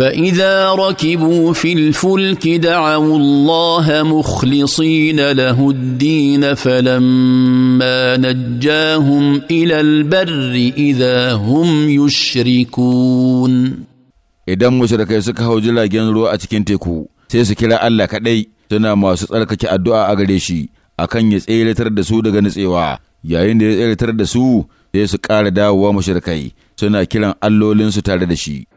فإذا ركبوا في الفلك دعوا الله مخلصين له الدين فلما نجاهم إلى البر إذا هم يشركون إذا مشركة سكها وجل جنرو أتكين تكو سيسكلا ألا كدي سنا ما سألك الدعاء أغليشي أكن يسئل ترد سو دغن إيوا يا يسئل ترد سو سيسكال داوا مشركي سنا كلا ألو لنسو تردشي